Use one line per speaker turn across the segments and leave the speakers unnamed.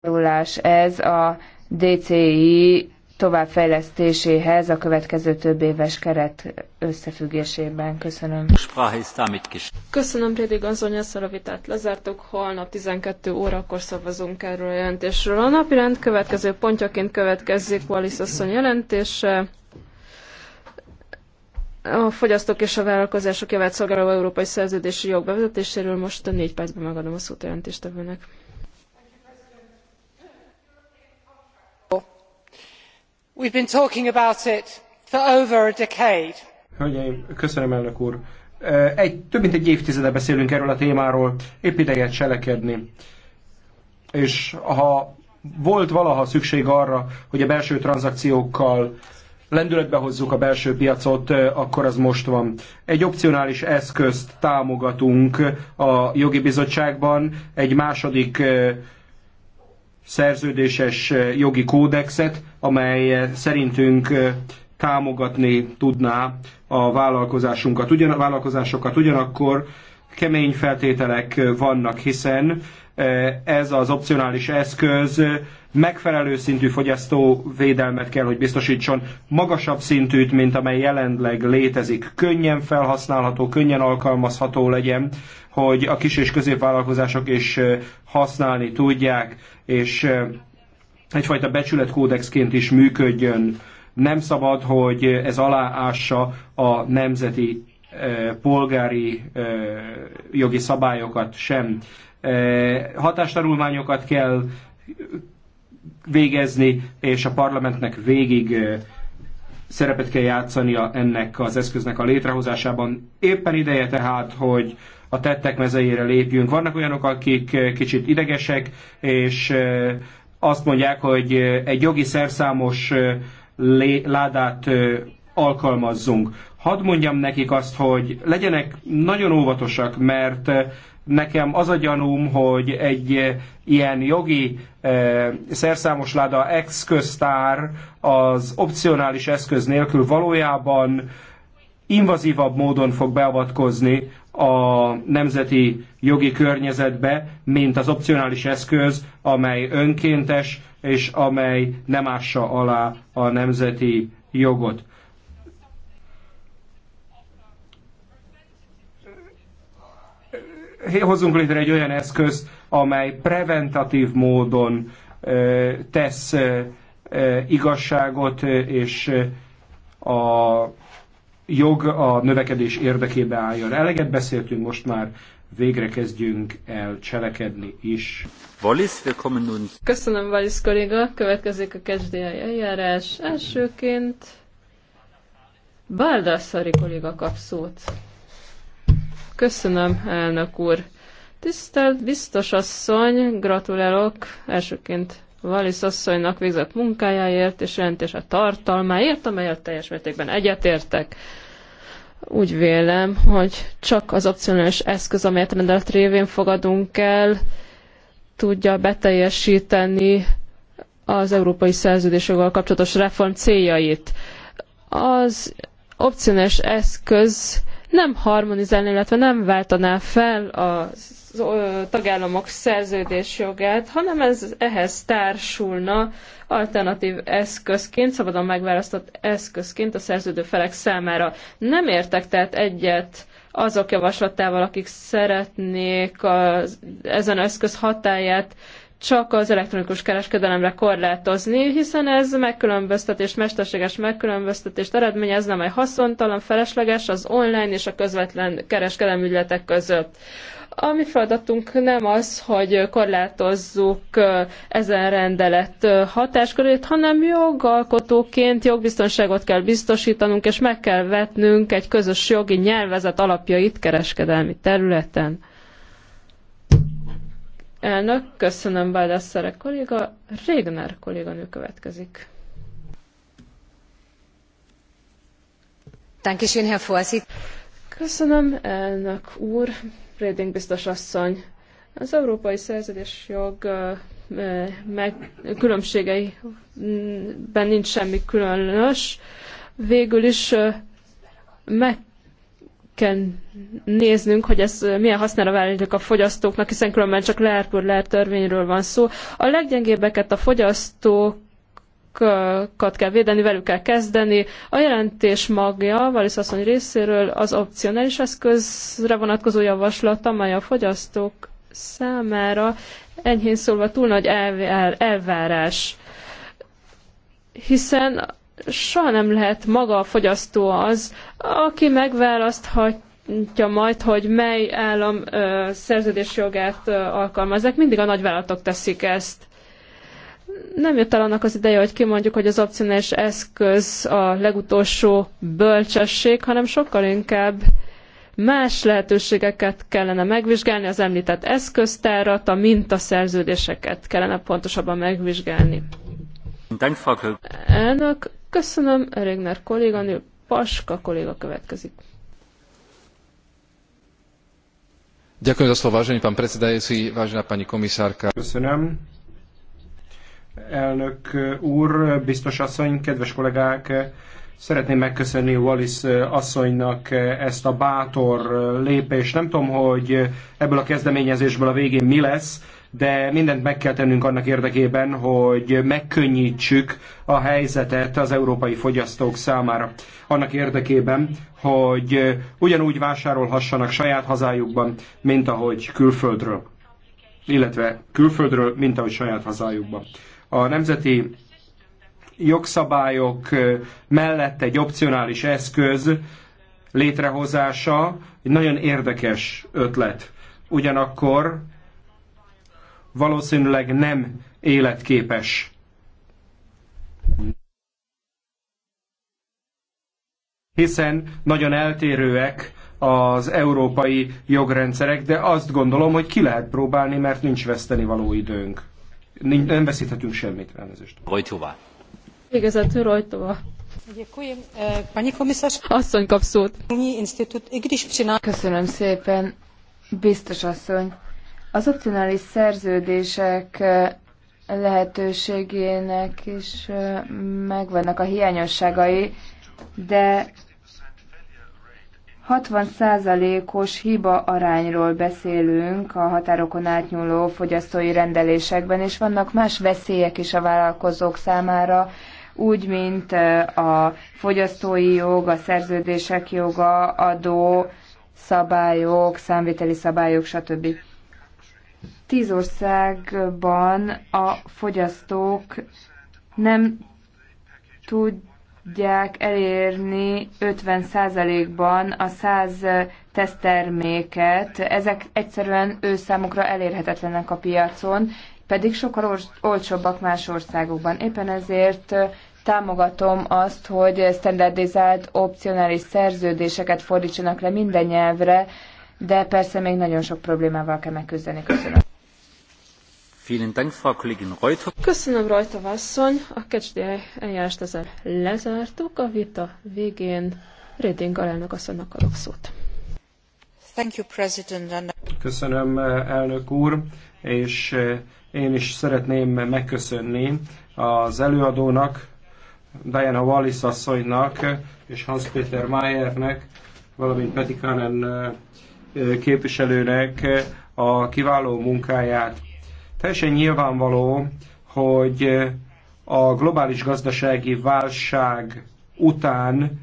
hozzájárulás ez a DCI továbbfejlesztéséhez a következő több éves keret összefüggésében. Köszönöm.
Köszönöm, pedig Gazony, ezt a vitát lezártuk. Holnap 12 órakor szavazunk erről a jelentésről. A napirend következő pontjaként következzék Wallis asszony jelentése. A fogyasztók és a vállalkozások javát szolgáló európai szerződési jog bevezetéséről most a négy percben megadom a szót jelentéstevőnek.
We've been talking about it for over a decade. Hölgyeim, köszönöm elnök úr. Egy, több mint egy évtizede beszélünk erről a témáról, épp ideje cselekedni. És ha volt valaha szükség arra, hogy a belső tranzakciókkal lendületbe hozzuk a belső piacot, akkor az most van. Egy opcionális eszközt támogatunk a jogi bizottságban, egy második szerződéses eh, jogi kódexet, amely eh, szerintünk eh, támogatni tudná a vállalkozásunkat, ugyan, vállalkozásokat. Ugyanakkor kemény feltételek vannak, hiszen Eh, ez az opcionális eszköz megfelelő szintű fogyasztóvédelmet kell, hogy biztosítson, magasabb szintűt, mint amely jelenleg létezik, könnyen felhasználható, könnyen alkalmazható legyen, hogy a kis és középvállalkozások is eh, használni tudják, és eh, egyfajta becsületkódexként is működjön. Nem szabad, hogy ez aláássa a nemzeti polgári jogi szabályokat sem hatástanulmányokat kell végezni, és a parlamentnek végig szerepet kell játszania ennek az eszköznek a létrehozásában. Éppen ideje tehát, hogy a tettek mezeire lépjünk. Vannak olyanok, akik kicsit idegesek, és azt mondják, hogy egy jogi szerszámos ládát alkalmazzunk hadd mondjam nekik azt, hogy legyenek nagyon óvatosak, mert eh, nekem az a gyanúm, hogy egy eh, ilyen jogi eh, szerszámos láda eszköztár az opcionális eszköz nélkül valójában invazívabb módon fog beavatkozni a nemzeti jogi környezetbe, mint az opcionális eszköz, amely önkéntes és amely nem ássa alá a nemzeti jogot. hozzunk létre egy olyan eszközt, amely preventatív módon tesz igazságot, és a jog a növekedés érdekébe álljon. Eleget beszéltünk most már, végre kezdjünk el cselekedni is. Wallis, willkommen nun.
Köszönöm, Wallis kolléga. Következik a kezdélye eljárás. Elsőként Baldassari kolléga kap szót. Köszönöm, elnök úr. Tisztelt biztos asszony, gratulálok elsőként Valisz asszonynak végzett munkájáért és jelentése tartalmáért, amelyet teljes mértékben egyetértek. Úgy vélem, hogy csak az opcionális eszköz, amelyet rendelet révén fogadunk el, tudja beteljesíteni az európai szerződésjogal kapcsolatos reform céljait. Az opcionális eszköz nem harmonizálni, illetve nem váltaná fel a tagállamok szerződésjogát, hanem ez ehhez társulna alternatív eszközként, szabadon megválasztott eszközként a szerződő felek számára. Nem értek tehát egyet azok javaslatával, akik szeretnék az, ezen eszköz hatáját csak az elektronikus kereskedelemre korlátozni, hiszen ez megkülönböztetés, mesterséges megkülönböztetést eredményezne, amely haszontalan, felesleges az online és a közvetlen kereskedelmi ügyletek között. A mi feladatunk nem az, hogy korlátozzuk ezen rendelet hatáskörét, hanem jogalkotóként jogbiztonságot kell biztosítanunk, és meg kell vetnünk egy közös jogi nyelvezet alapjait kereskedelmi területen. Elnök, köszönöm Baldasszere kolléga. Régner kolléganő következik. Dankeschön, Herr Vorsitz. Köszönöm, elnök úr, Reding biztos asszony. Az európai szerződés jog meg, különbségeiben nincs semmi különös. Végül is meg kell néznünk, hogy ez milyen hasznára válik a fogyasztóknak, hiszen különben csak lerpörler törvényről van szó. A leggyengébbeket a fogyasztók kell védeni, velük kell kezdeni. A jelentés magja Valisz asszony részéről az opcionális eszközre vonatkozó javaslat, amely a fogyasztók számára enyhén szólva túl nagy elvárás. Hiszen soha nem lehet maga a fogyasztó az, aki megválaszthatja majd, hogy mely állam ö, jogát ö, alkalmazzák. Mindig a nagyvállalatok teszik ezt. Nem jött el annak az ideje, hogy kimondjuk, hogy az opcionális eszköz a legutolsó bölcsesség, hanem sokkal inkább más lehetőségeket kellene megvizsgálni, az említett eszköztárat, a mintaszerződéseket kellene pontosabban megvizsgálni. Elnök, Köszönöm, Regner kolléganő, Paska kolléga következik.
Ďakujem za slovo, vážený pán predsedajúci, vážená pani komisárka. Köszönöm. Elnök úr, biztos asszony, kedves kollégák, Szeretném megköszönni Wallis asszonynak ezt a bátor lépést. Nem tudom, hogy ebből a kezdeményezésből a végén mi lesz, de mindent meg kell tennünk annak érdekében, hogy megkönnyítsük a helyzetet az európai fogyasztók számára. Annak érdekében, hogy ugyanúgy vásárolhassanak saját hazájukban, mint ahogy külföldről, illetve külföldről, mint ahogy saját hazájukban. A nemzeti jogszabályok mellett egy opcionális eszköz létrehozása egy nagyon érdekes ötlet. Ugyanakkor valószínűleg nem életképes. Hiszen nagyon eltérőek az európai jogrendszerek, de azt gondolom, hogy ki lehet próbálni, mert nincs veszteni való időnk. Nem veszíthetünk semmit, elnézést. Rojtová.
Végezett Rojtová. Eh,
asszony kap szót. Köszönöm szépen, biztos asszony. Az opcionális szerződések lehetőségének is megvannak a hiányosságai, de 60%-os hiba arányról beszélünk a határokon átnyúló fogyasztói rendelésekben, és vannak más veszélyek is a vállalkozók számára, úgy, mint a fogyasztói jog, a szerződések joga, adó, szabályok, számviteli szabályok, stb. Tíz országban a fogyasztók nem tudják elérni 50%-ban a 100 tesztterméket. Ezek egyszerűen ő számukra elérhetetlenek a piacon, pedig sokkal olcsóbbak más országokban. Éppen ezért támogatom azt, hogy standardizált, opcionális szerződéseket fordítsanak le minden nyelvre, de persze még nagyon sok problémával kell megküzdeni. Köszönöm.
Köszönöm, Rajta Vasszony. A kecsdi eljárást ezzel lezártuk. A vita végén Reding alelnök asszonynak adok szót.
Köszönöm, elnök úr, és én is szeretném megköszönni az előadónak, Diana Wallis asszonynak és Hans-Peter Mayernek, valamint Petikanen képviselőnek a kiváló munkáját. Teljesen nyilvánvaló, hogy a globális gazdasági válság után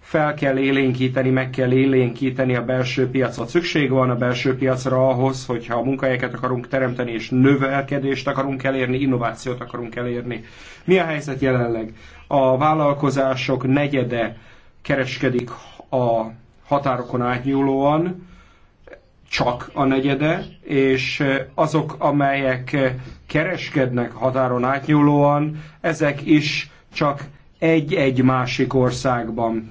fel kell élénkíteni, meg kell élénkíteni a belső piacot. Szükség van a belső piacra ahhoz, hogyha munkahelyeket akarunk teremteni, és növelkedést akarunk elérni, innovációt akarunk elérni. Mi a helyzet jelenleg? A vállalkozások negyede kereskedik a határokon átnyúlóan, csak a negyede, és azok, amelyek kereskednek határon átnyúlóan, ezek is csak egy-egy másik országban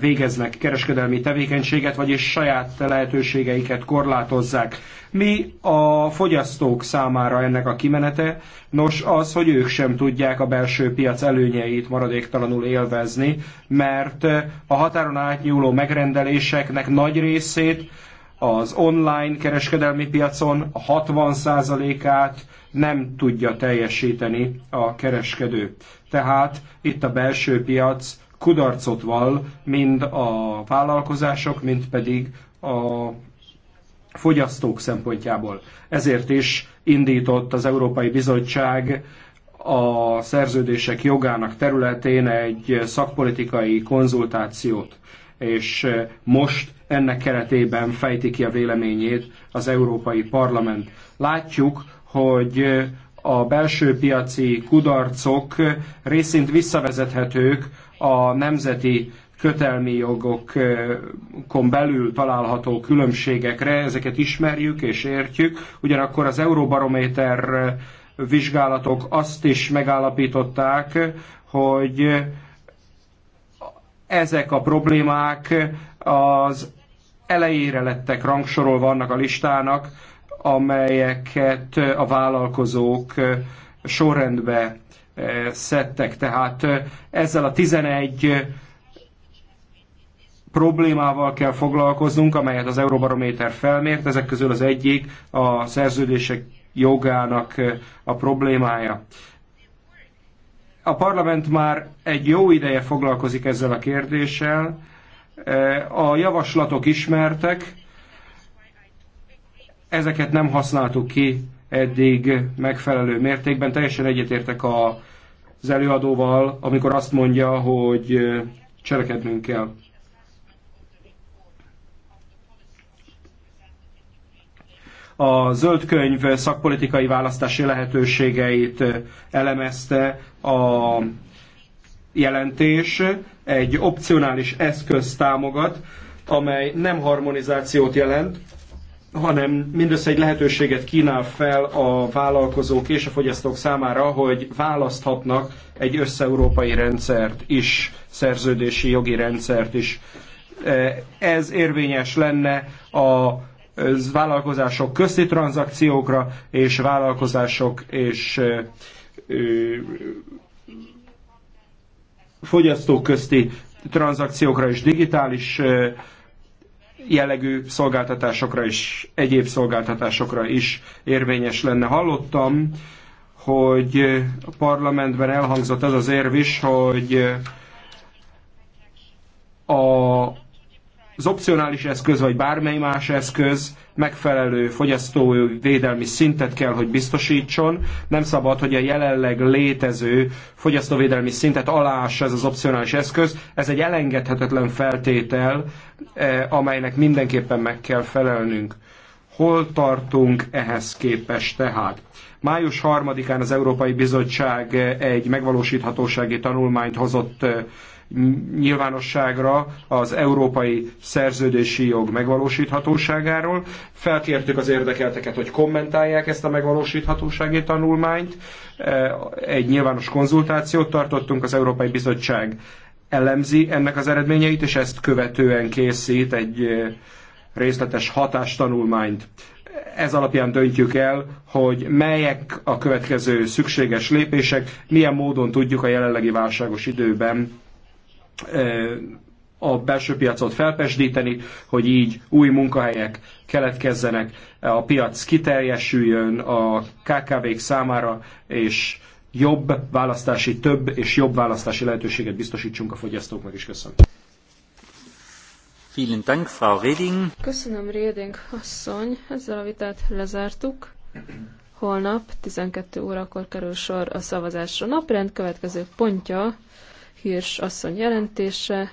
végeznek kereskedelmi tevékenységet, vagyis saját lehetőségeiket korlátozzák. Mi a fogyasztók számára ennek a kimenete? Nos, az, hogy ők sem tudják a belső piac előnyeit maradéktalanul élvezni, mert a határon átnyúló megrendeléseknek nagy részét az online kereskedelmi piacon 60%-át nem tudja teljesíteni a kereskedő. Tehát itt a belső piac kudarcot vall mind a vállalkozások, mind pedig a fogyasztók szempontjából. Ezért is indított az Európai Bizottság a szerződések jogának területén egy szakpolitikai konzultációt és eh, most ennek keretében fejti ki a véleményét az Európai Parlament. Látjuk, hogy eh, a belső piaci kudarcok eh, részint visszavezethetők a nemzeti kötelmi jogokon belül található különbségekre, ezeket ismerjük és értjük, ugyanakkor az Euróbarométer vizsgálatok azt is megállapították, hogy ezek a problémák az elejére lettek rangsorolva annak a listának, amelyeket a vállalkozók sorrendbe eh, szedtek. Tehát eh, ezzel a 11 problémával kell foglalkoznunk, amelyet az Euróbarométer felmért, ezek közül az egyik a szerződések jogának eh, a problémája. A parlament már egy jó ideje foglalkozik ezzel a kérdéssel. E, a javaslatok ismertek, ezeket nem használtuk ki eddig megfelelő mértékben. Teljesen egyetértek az előadóval, amikor azt mondja, hogy e, cselekednünk kell. A zöld könyv szakpolitikai választási lehetőségeit elemezte a jelentés, egy opcionális eszköz támogat, amely nem harmonizációt jelent, hanem mindössze egy lehetőséget kínál fel a vállalkozók és a fogyasztók számára, hogy választhatnak egy összeurópai rendszert is, szerződési jogi rendszert is. Ez érvényes lenne a vállalkozások közti tranzakciókra, és vállalkozások és fogyasztók közti tranzakciókra és digitális jellegű szolgáltatásokra és egyéb szolgáltatásokra is érvényes lenne. Hallottam, hogy a parlamentben elhangzott az az érv is, hogy a az opcionális eszköz, vagy bármely más eszköz megfelelő fogyasztóvédelmi szintet kell, hogy biztosítson. Nem szabad, hogy a jelenleg létező fogyasztóvédelmi szintet aláássa ez az opcionális eszköz. Ez egy elengedhetetlen feltétel, eh, amelynek mindenképpen meg kell felelnünk. Hol tartunk ehhez képest tehát? Május 3-án az Európai Bizottság eh, egy megvalósíthatósági tanulmányt hozott eh, nyilvánosságra az európai szerződési jog megvalósíthatóságáról. Felkértük az érdekelteket, hogy kommentálják ezt a megvalósíthatósági tanulmányt. E, egy nyilvános konzultációt tartottunk az Európai Bizottság elemzi ennek az eredményeit, és ezt követően készít egy e, részletes hatástanulmányt. Ez alapján döntjük el, hogy melyek a következő szükséges lépések, milyen módon tudjuk a jelenlegi válságos időben a belső piacot felpesdíteni, hogy így új munkahelyek keletkezzenek, a piac kiteljesüljön a KKV-k számára, és jobb választási, több és jobb választási lehetőséget biztosítsunk a fogyasztóknak is. Köszönöm. Vielen Dank, Frau Reding.
Köszönöm, Reding asszony. Ezzel a vitát lezártuk. Holnap 12 órakor kerül sor a szavazásra. Naprend következő pontja Hirsch asszony jelentése.